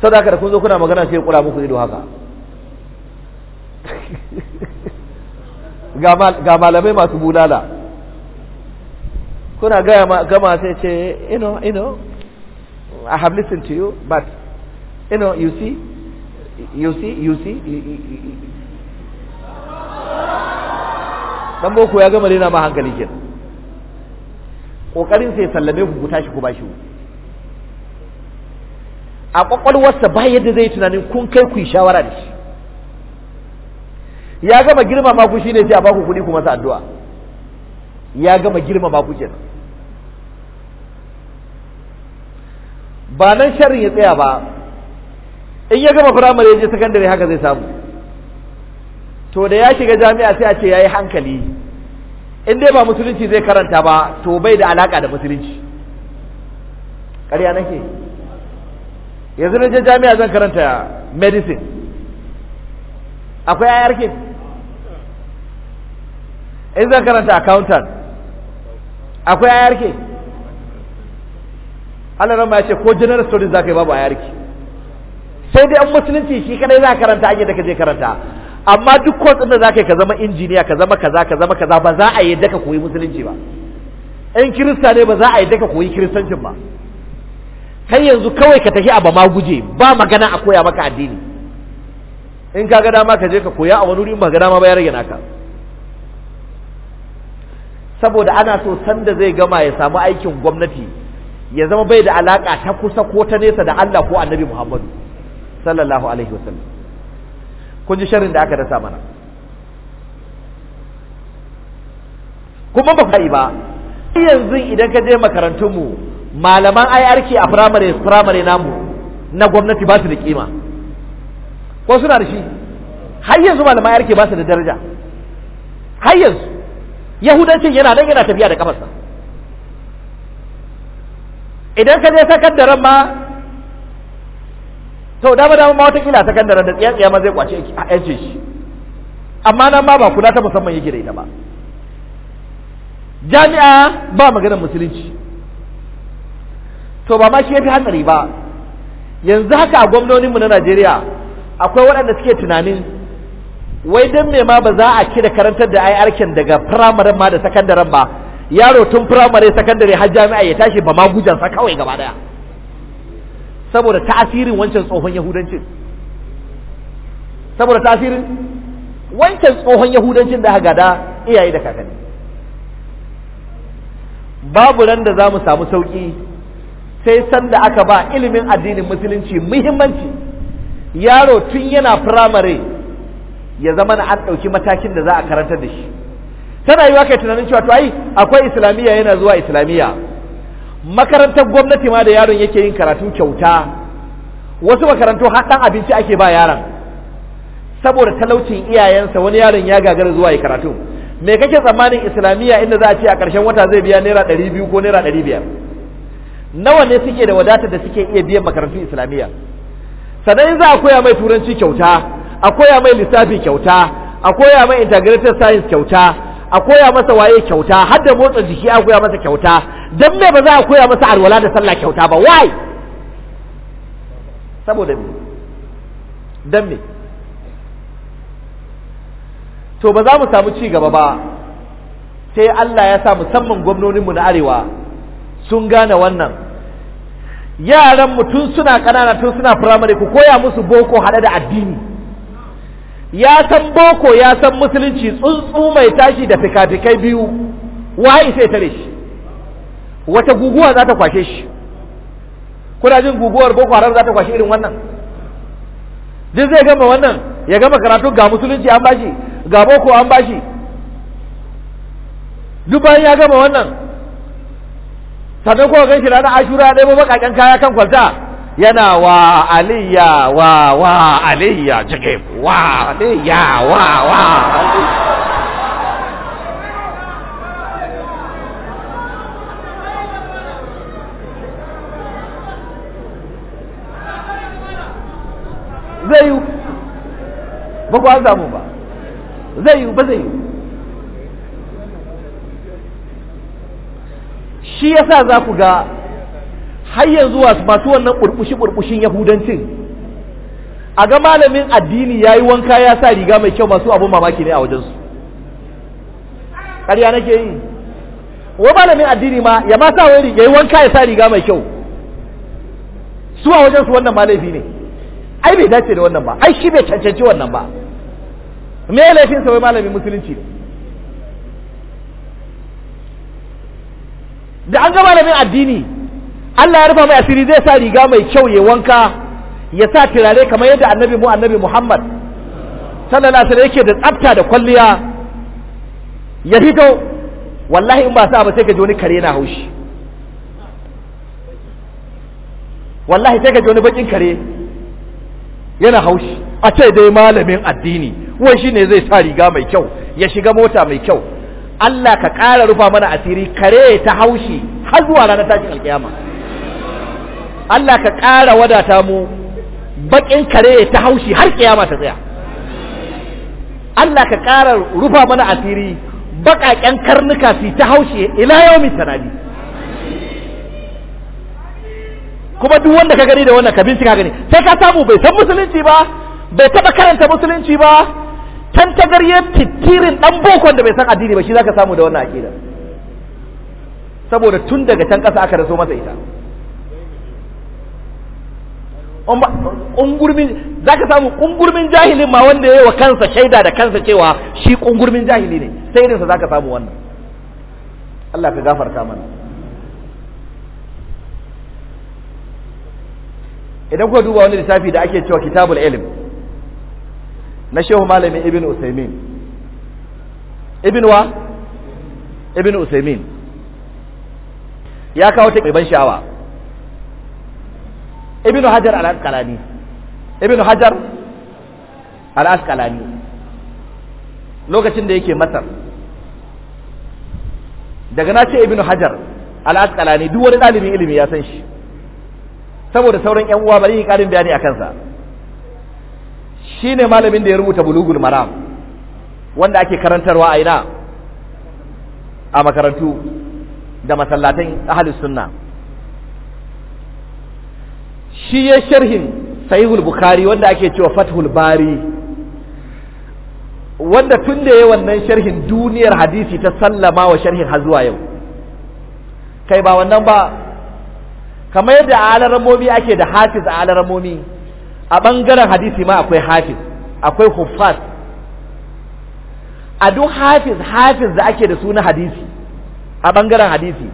sadaka da kun zo kuna magana sai kura muku ido haka ga malamai masu bulala kuna gaya gama sai ce you know you know I have listened to you but you know you see you see you see dan boko ya gama rena ma hankali ke kokarin sai sallame ku ku tashi ku bashi a kwakwalwarsa ba yadda zai tunanin kun kai ku shawara da shi ya gama ma ku shine sai a baku kuɗi ku masa addu'a ya gama ma ku ke ba nan sharrin ya tsaya ba in ya gama firamare ya je sakandare haka zai samu to da ya shiga jami'a sai a ce yayi hankali in dai ba musulunci zai karanta ba to bai da alaka da musulunci ƙarya nake yanzu na je jami'a zan karanta medicine akwai ayar kin in zan karanta accountant akwai ayar kin Allah ya ce ko general studies za ka yi babu ayar ke sai dai an musulunci shi kadai za karanta ake da ka je karanta amma duk course din da ka zama injiniya ka zama kaza ka zama kaza ba za a yadda ka koyi musulunci ba in kirista ne ba za a yadda ka koyi kiristancin ba kai yanzu kawai ka tafi a guje ba magana a koya maka addini in ka ga dama ka je ka koya a wani wuri ba ga dama ba ya rage naka saboda ana so sanda zai gama ya samu aikin gwamnati ya zama bai da alaka ta kusa ko ta nesa da Allah ko Annabi Muhammadu sallallahu alaihi wasallam kun ji sharrin da aka dasa mana kuma ba fa'i ba yanzu idan ka je makarantunmu malaman IRK a firamare firamare namu na gwamnati ba su da kima ko suna da shi har yanzu malaman IRK ba su da daraja har yanzu yahudancin yana nan yana tafiya da kafarsa idan ka je sakandaren ma to dama dama ma kila sakandaren da tsiya ma zai kwace yace shi amma nan ma ba kula ta musamman yake da ita ba jami'a ba maganar musulunci to ba ma shi yafi hatsari ba yanzu haka a mu na najeriya akwai waɗanda suke tunanin wai dan me ma ba za a kira karantar da arkin daga firamaren ma da sakandaren ba yaro tun firamare sakandare har jami'a ya tashi ba ma gujansa kawai gaba daya saboda ta'asirin wancan tsohon yahudancin saboda tasirin wancan tsohon yahudancin da haga da iyaye da kakanni babu ran da za mu samu sauƙi sai sanda aka ba ilimin addinin musulunci muhimmanci yaro tun yana firamare ya zama na an ɗauki matakin da za a karantar da shi tana yi wa kai tunanin cewa to ai akwai islamiyya yana zuwa islamiyya makarantar gwamnati ma da yaron yake yin karatu kyauta wasu makarantu har dan abinci ake ba yaron saboda talaucin iyayensa wani yaron ya gagara zuwa yi karatu me kake tsammanin islamiyya inda za a ce a ƙarshen wata zai biya naira ɗari biyu ko naira ɗari biyar nawa ne suke da wadatar da suke iya biyan makarantun islamiyya sannan in za a koya mai turanci kyauta a koya mai lissafi kyauta a koya mai integrated science kyauta a koya masa waye kyauta har da motsa jiki a koya masa kyauta dan me ba za a koya masa alwala da sallah kyauta ba why saboda me dan me to ba za mu samu ci gaba ba sai Allah ya sa musamman gwamnoninmu na arewa sun gane wannan yaran mu tun suna ƙanana tun suna firamare ku koya musu boko haɗe da addini ya san boko ya san musulunci tsuntsu mai tashi da fikafikai biyu waye sai tare shi wata guguwa za ta kwashe shi kuna jin guguwar boko haram za ta kwashe irin wannan duk zai gama wannan ya gama karatu ga musulunci an bashi ga boko an bashi duk bayan ya gama wannan sannan kuma gan shi ranar ashura ɗaya ba kaya kan kwalta yana wa aliyya wa wa aliyya jigib wa aliyya wa wa zai yi ba ku an ba zai yi ba zai yi shi yasa za ku ga har yanzu wasu masu wannan burbushi burbushin yahudancin a ga malamin addini ya yi wanka ya sa riga mai kyau masu abin mamaki ne a wajensu ƙarya nake yi wa malamin addini ma ya ma sa wani yi wanka ya sa riga mai kyau su a wajensu wannan malafi ne ai bai dace da wannan ba ai shi bai cancanci wannan ba me laifin sa wai malamin musulunci ne da an ga malamin addini Allah ya rufa mai asiri zai sa riga mai kyau ya wanka ya sa turare kamar yadda annabi mu annabi Muhammad sallallahu alaihi yake da tsafta da kwalliya ya fito wallahi in ba sa ba sai ka ji wani kare na haushi wallahi sai ka ji wani bakin kare yana haushi a ce dai malamin addini wai shine zai sa riga mai kyau ya shiga mota mai kyau Allah ka ƙara rufa mana asiri kare ta haushi har zuwa ranar tashin alkiyama Allah ka ƙara wadata mu baƙin kare ta haushi har kiyama ta tsaya Allah ka ƙara rufa mana asiri baƙaƙen karnuka su ta haushi ila yau mai tanadi kuma duk wanda ka gani da wannan ka bincika gani sai ka samu bai san musulunci ba bai taba karanta musulunci ba tan tagarye titirin ɗan bokon da bai san addini ba shi za ka samu da wannan akida saboda tun daga can ƙasa aka raso masa ita ƙungurmin za ka samu ƙungurmin jahilin ma wanda ya yi wa kansa shaida da kansa cewa shi ƙungurmin jahili ne sai irinsa za ka samu wannan Allah ka gafarta mana idan kuka duba wani lissafi da ake cewa kitabul ilm na shehu malamin ibn usaimin ibn wa ibn usaimin ya kawo ta ban sha'awa ibn hajar al-asqalani ibn hajar al-asqalani lokacin da yake masar daga na ce ibn hajar al-asqalani duk wani dalibin ilimi ya san shi saboda sauran yan uwa bari yi karin bayani a kansa shine malamin da ya rubuta bulugul maram wanda ake karantarwa a ina a makarantu da masallatan ahlus sunna shi ya sharhin sahihul bukhari wanda ake cewa fathul bari wanda tun da ya wannan sharhin duniyar hadisi ta sallama wa sharhin har zuwa yau kai ba wannan ba kamar yadda a alaramomi ake da hafiz a alaramomi a ɓangaren hadisi ma akwai hafiz akwai huffaz a duk hafiz hafiz da ake da suna hadisi a ɓangaren hadisi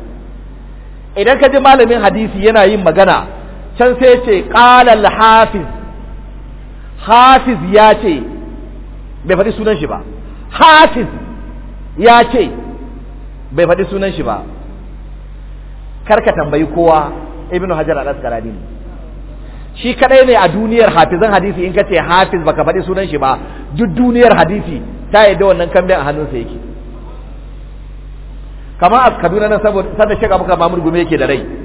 idan ka ji malamin hadisi yana yin magana can sai ce ƙalal hafiz hafiz ya ce bai faɗi sunan shi ba hafiz ya ce bai faɗi sunan shi ba karka tambayi kowa ibn hajar al asqalani ne shi kaɗai ne a duniyar hafizan hadisi in ka ce hafiz baka faɗi sunan shi ba duk duniyar hadisi ta yadda wannan kambin a hannunsa yake kamar a kaduna na saboda sanda shaka muka mamur yake da rai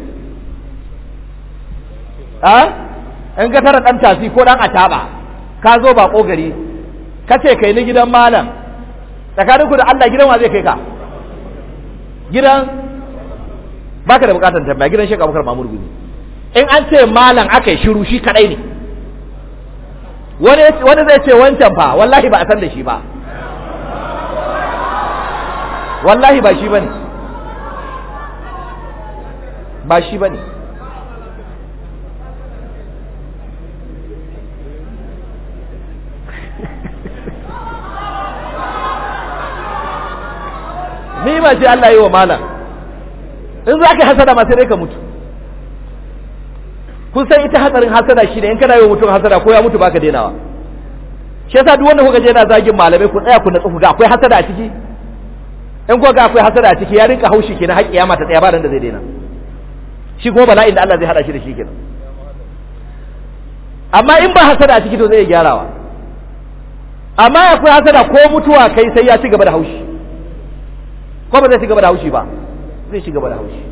in ka tara ɗan tasi ko ɗan ataba ka zo ba gari ka ce kai ni gidan malam tsakaninku da Allah gidan wa zai kai ka gidan baka da bukatar tambaya gidan shekaru Abubakar Mamur gudu in an ce malam aka yi shiru shi kadai ne wani zai ce wancan fa wallahi ba a san da shi ba wallahi ba shi ne ba shi ne ma ce Allah yi wa malam in za ka hasada masu rai ka mutu kun san ita hatsarin hasada shi ne in kana yi wa mutum hasada ko ya mutu baka dainawa shi yasa duk wanda kuka je yana zagin malamai ku tsaya ku natsu ku ga akwai hasada a ciki in kuka ga akwai hasada a ciki ya rinka haushi kenan haƙƙi ya ta tsaya ba da zai daina shi kuma bala'in da Allah zai hada shi da shi kenan amma in ba hasada a ciki to zai gyarawa amma akwai hasada ko mutuwa kai sai ya ci gaba da haushi ko ba zai shiga da haushi ba zai shiga da haushi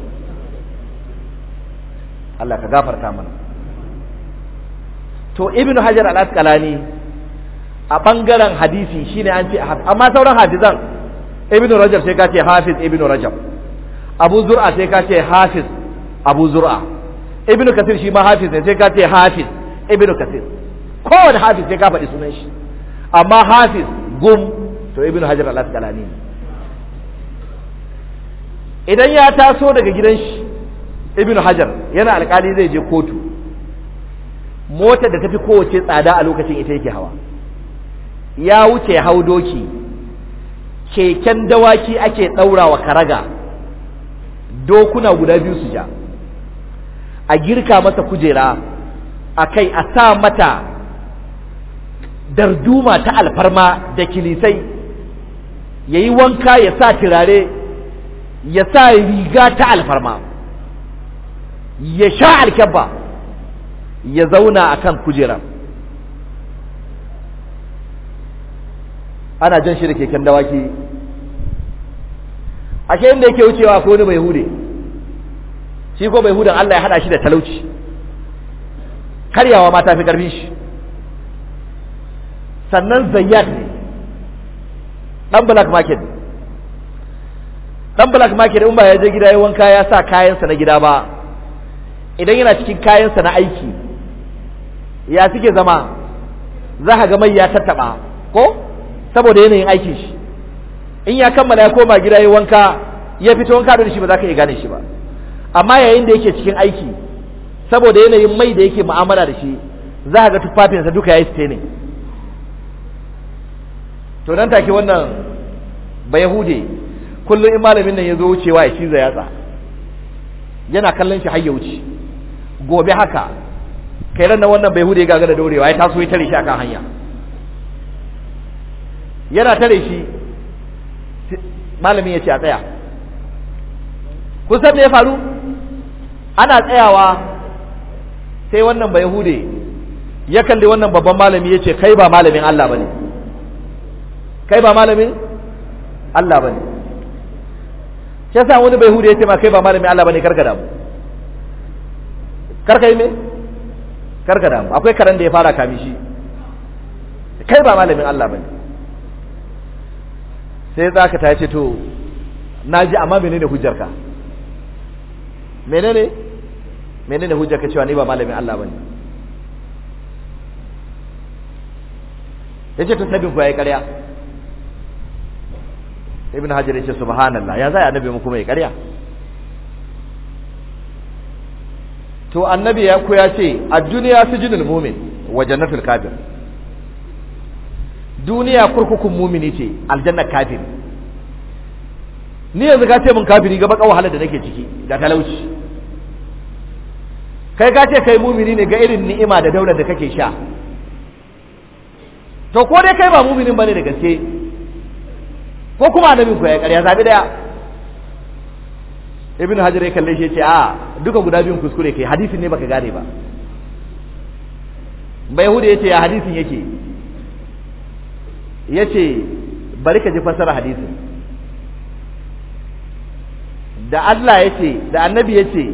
Allah ka gafarta mana to ibnu hajar al-asqalani a bangaren hadisi shine an ce amma sauran hadisan ibnu rajab sai ka ce hafiz ibnu rajab abu zur'a sai ka ce hafiz abu zur'a ibnu kasir shi ma hafiz ne sai ka ce hafiz ibnu kasir kowane hafiz sai ka faɗi sunan shi amma hafiz gum to ibnu hajar al-asqalani idan ya taso daga gidan shi ibnu hajar yana alƙali zai je kotu motar da tafi kowace tsada a lokacin ita yake hawa ya wuce hau doki keken dawaki ake ɗaurawa karaga dokuna guda biyu su ja a girka masa kujera a kai a sa mata darduma ta alfarma da kilisai ya yi wanka ya sa turare ya sa riga ta alfarma ya sha alkyabba ya zauna a kan kujera. ana jan shi da keken dawaki ashe inda yake wucewa ko wani bai hude shi ko bai hudan Allah ya hada shi da talauci karyawa ma ta fi karfin shi sannan zayyad ne dan black market ne dan black market in ba ya je gida ya wanka ya sa kayansa na gida ba idan yana cikin kayansa na aiki ya suke zama za ka ga mai ya tattaba ko saboda yanayin aikin shi in ya kammala ya koma gida ya wanka ya fito wanka da shi ba za ka iya gane shi ba amma yayin da yake cikin aiki saboda yanayin mai da yake mu'amala da shi za ka ga tufafinsa duka ya yi ne to nan take wannan ba yahude kullum in malamin nan ya zo wucewa ya ciza yatsa yana kallon shi har ya wuce gobe haka kai ran wannan bai hude gaga da dorewa ya taso ya tare shi akan hanya yana tare shi malamin ya ce a tsaya kun san me ya faru ana tsayawa sai wannan bai hude ya kalli wannan babban malami ya ce kai ba malamin Allah ne kai ba malamin Allah bane shi yasa wani bai hude ya ce ma kai ba malami Allah bane karkada mu karkai yi me karkada mu akwai karan da ya fara kami shi kai ba malamin Allah bane sai zaka ta ce to naji amma menene hujjarka menene menene hujjarka cewa ni ba malamin Allah bane yace to sabin ku yayi ƙarya ibn hajar yace subhanallah ya zai annabi mu kuma ya ƙarya to annabi ya koya ce a duniya sujudul mu'min wa jannatul kafir duniya kurkukun mumini ce aljanna kafir ni yanzu ka ce mun kafiri ga baka wahalar da nake ciki da talauci kai ka ce kai mumini ne ga irin ni'ima da daular da kake sha to ko dai kai ba muminin bane da gaske ko kuma annabi ko ya ƙarya zabi daya ibn hajar ya kalle shi ya ce a duka guda biyun kuskure kai hadisin ne baka gane ba bai hude ya ce ya hadisin yake ya ce bari ka ji fasara hadisin da Allah ya ce da annabi ya ce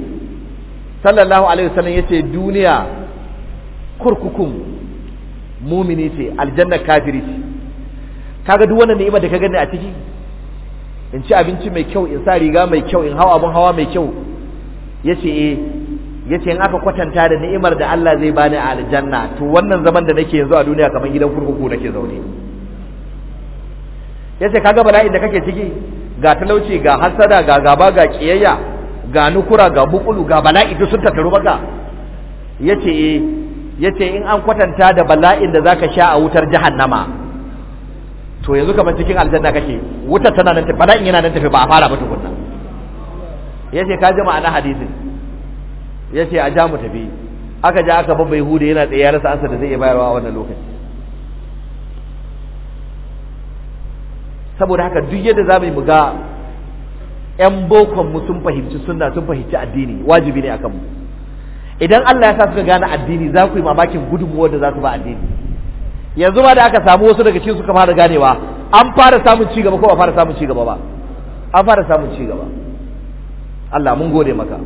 sallallahu alaihi wasallam ya ce duniya kurkukun mumini ce aljanna kafiri ce kaga duk wannan ni'imar da ka gani a ciki in ci abinci mai kyau in sa riga mai kyau in hau abin hawa mai kyau yace eh yace in aka kwatanta da ni'imar da Allah zai bani a aljanna to wannan zaman da nake yanzu a duniya kamar gidan kurkuku nake zaune yace kaga bala'in da kake ciki ga talauci ga hasada ga gaba ga kiyayya ga nukura ga bukulu ga bala'i duk sun tattaru maka yace eh yace in an kwatanta da bala'in da zaka sha a wutar jahannama to yanzu kamar cikin aljanna kake wutar tana nan tafi in yana nan tafi ba a fara ba tukunna yace ka ji ma'ana hadisin yace a ja mu tafi aka ja aka babba yahuda yana tsaye ya rasa ansa da zai iya bayarwa a wannan lokaci saboda haka duk yadda za mu yi ga ‘yan bokon mu sun fahimci sunna sun fahimci addini wajibi ne akan mu. idan Allah ya sa suka gane addini za ku yi mamakin gudunmuwar da za su ba addini yanzu ma da aka samu wasu daga cikin suka fara ganewa an fara samun ci gaba ko ba fara samun ci gaba ba an fara samun ci gaba Allah mun gode maka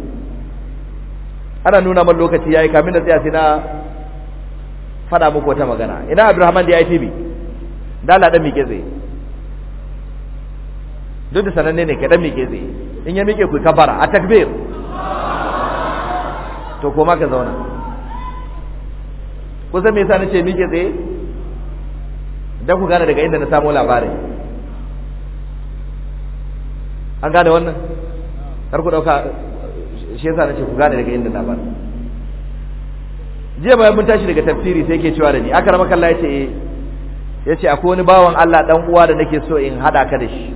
ana nuna man lokaci yayi kamin da tsaya sai na fada muku wata magana ina Abdulrahman da ITB da Allah dan mike zai duk da sananne ne ke dan mike zai in ya mike ku kafara a takbir to koma ka zauna kusan me yasa nace mike tsaye da ku gane daga inda na samo labarin an gane wannan har ku dauka shi yasa nace ku gane daga inda labarin jiya bayan mun tashi daga tafsiri sai yake cewa da ni aka rama kallon yace eh yace akwai wani bawan Allah dan uwa da nake so in hada ka da shi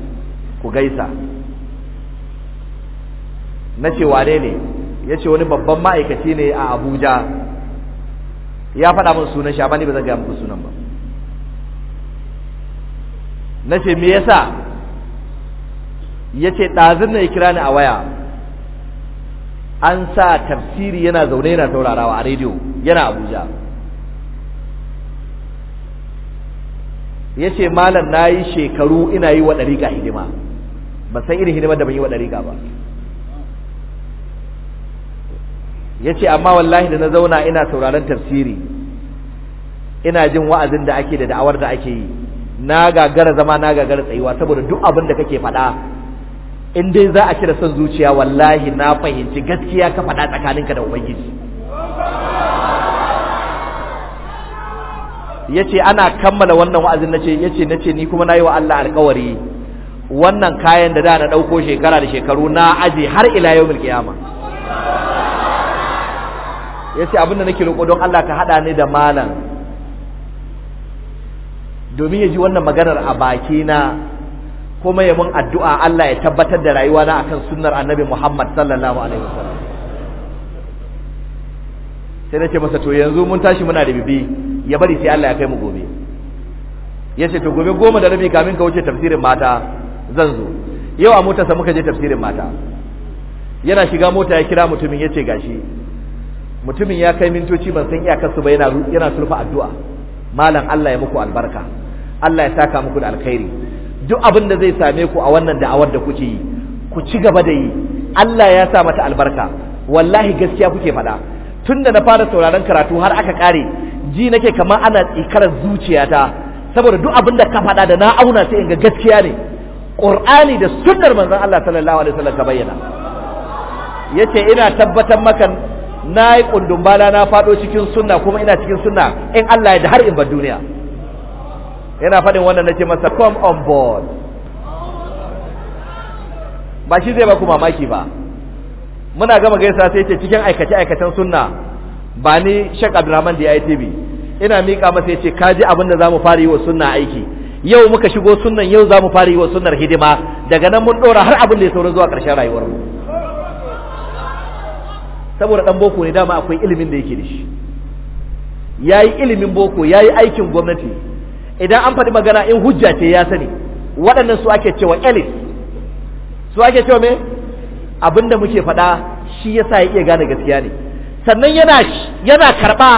ku gaisa nace wane ne yace wani babban ma'aikaci ne a Abuja ya faɗa min sunan shi amma ni ba zan ga muku sunan ba na ce me yasa ya ce ɗazin na ya kira ni a waya an sa tafsiri yana zaune yana taurarawa a rediyo yana abuja ya ce malam na yi shekaru ina yi wa ɗariƙa hidima ba san irin hidimar da ban yi wa ɗariƙa ba ya ce amma wallahi da na zauna ina sauraron tafsiri ina jin wa'azin da ake da da'awar da ake yi na gagara zama na gagara tsayuwa saboda duk abin da kake faɗa in dai za a kira son zuciya wallahi na fahimci gaskiya ka faɗa tsakaninka da ubangiji yace ana kammala wannan wa'azin nace yace nace ni kuma nayi wa Allah alƙawari wannan kayan da da na ɗauko shekara da shekaru na aje har ila yau kiyama yace abinda nake roƙo don Allah ka haɗa ni da malam domin ya ji wannan maganar a baki na kuma addu'a Allah ya tabbatar da rayuwa na akan sunnar annabi Muhammad sallallahu alaihi wasallam sai ce masa to yanzu mun tashi muna da bibi ya bari sai Allah ya kai mu gobe Ya ce to gobe goma da rabi kamin ka wuce tafsirin mata zan zo yau a motarsa muka je tafsirin mata yana shiga mota ya kira mutumin ya ce gashi mutumin ya kai mintoci ban san iyakarsu ba yana yana sulfa addu'a malam Allah ya muku albarka Allah ya saka muku da alkhairi duk abin da zai same ku a wannan da'awar da kuke yi ku ci gaba da yi Allah ya sa mata albarka wallahi gaskiya kuke faɗa tunda na fara sauraron karatu har aka kare ji nake kamar ana tsikarar zuciyata saboda duk abin da ka faɗa da na auna sai in ga gaskiya ne ƙur'ani da sunnar manzon Allah sallallahu alaihi wasallam ka bayyana yace ina tabbatar maka nayi kundumbala na faɗo cikin sunna kuma ina cikin sunna in Allah ya da har in bar duniya yana faɗin wannan nake masa come on board ba shi zai ba ku mamaki ba muna gama gaisa sai ce cikin aikace aikacen sunna ba ni Sheikh Abdulrahman da tv ina mika masa yace ka ji abin da zamu fara yi wa sunna aiki yau muka shigo sunnan yau zamu fara yi wa sunnar hidima daga nan mun dora har abin da ya saura zuwa ƙarshen rayuwar mu saboda dan boko ne dama akwai ilimin da yake da shi yayi ilimin boko yayi aikin gwamnati idan an faɗi magana in hujja ce ya sani waɗannan su ake cewa elis su ake cewa me abinda muke faɗa shi sa ya iya gane gaskiya ne sannan yana yana karɓa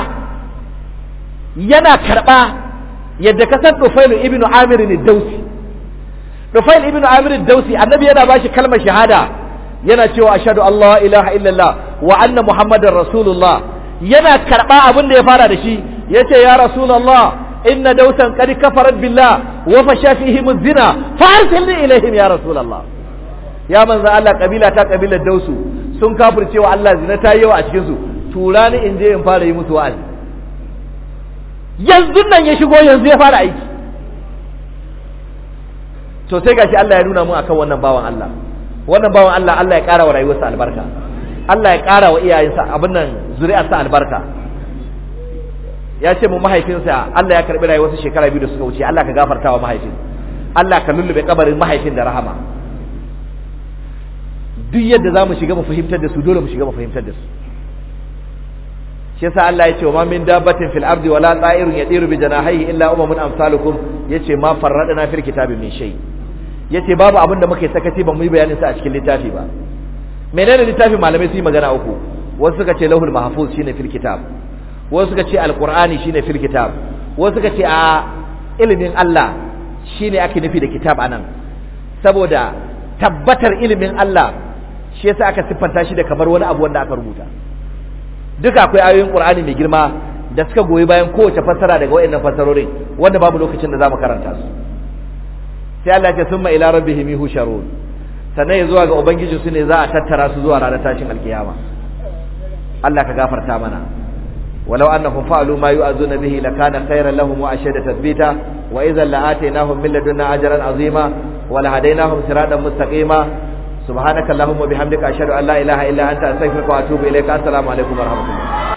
yana karɓa yadda ka san Dufailu ibn Amir ne Dausi Dufail ibn Amir Dausi annabi yana shi kalmar shahada yana cewa ashhadu Allah ilaha illallah wa anna muhammadar rasulullah yana karɓa abin da ya fara da shi yace ya rasulullah inna dausan qad kafarat billah wa fasha fihim az-zina fa arsil ilaihim ya rasulullah ya manzo Allah kabila ta kabilar dausu sun kafirce wa Allah zina ta yi yawa a cikin su tura ni in je in fara yi musu wa'azi yanzu nan ya shigo yanzu ya fara aiki to sai gashi Allah ya nuna mu akan wannan bawan Allah wannan bawan Allah Allah ya kara wa rayuwarsa albarka Allah ya kara wa iyayensa abin nan zuri'arsa albarka ya ce mu mahaifinsa Allah ya karbi rayuwar wasu shekara biyu da suka wuce Allah ka gafarta wa mahaifin Allah ka lullube kabarin mahaifin da rahama duk yadda za mu shiga mu fahimtar da su dole mu shiga mu fahimtar da su shi yasa Allah ya ce wa min dabbatin fil ardi wala ta'irun yadiru bi janahihi illa umamun amsalukum yace ma farradna fil kitabi min shay yace babu abin da muka yi sakaci ba mu yi bayanin sa a cikin littafi ba menene littafin malamai su yi magana uku wasu suka ce lahul mahfuz shine fil kitab wasu suka ce alqur'ani shine fil kitab wasu suka ce a ilimin Allah shine ake nufi da kitab anan saboda tabbatar ilimin Allah shi yasa aka siffanta shi da kamar wani abu wanda aka rubuta duka akwai ayoyin qur'ani mai girma da suka goyi bayan kowace fassara daga wayannan fassarorin wanda babu lokacin da zamu karanta su sai Allah ya ce summa ila rabbihim yuhsharun sannan ya zuwa ga ubangiji su ne za a tattara su zuwa ranar tashin alkiyama Allah ka gafarta mana ولو أنهم فعلوا ما يؤذون به لكان خيرا لهم وأشد تثبيتا وإذا لآتيناهم من لدنا أجرا عظيما ولهديناهم صراطا مستقيما سبحانك اللهم وبحمدك أشهد أن لا إله إلا أنت أستغفرك وأتوب إليك السلام عليكم ورحمة الله